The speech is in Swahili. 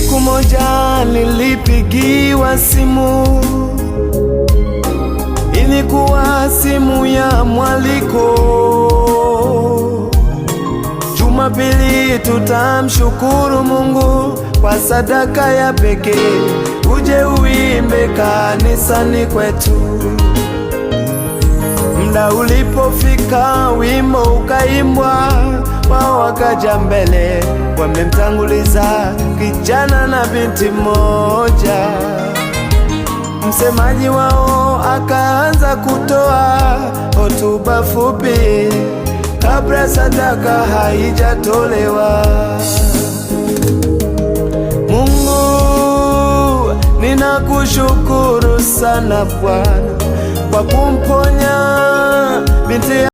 Siku moja nilipigiwa simu, ilikuwa simu ya mwaliko. Jumapili tutamshukuru Mungu kwa sadaka ya pekee, uje uimbe kanisani kwetu. Muda ulipofika, wimbo ukaimbwa, wao wakaja mbele, wamemtanguliza kijana na binti moja Msemaji wao akaanza kutoa hotuba fupi kabla sadaka haijatolewa. Mungu, ninakushukuru sana Bwana kwa kumponya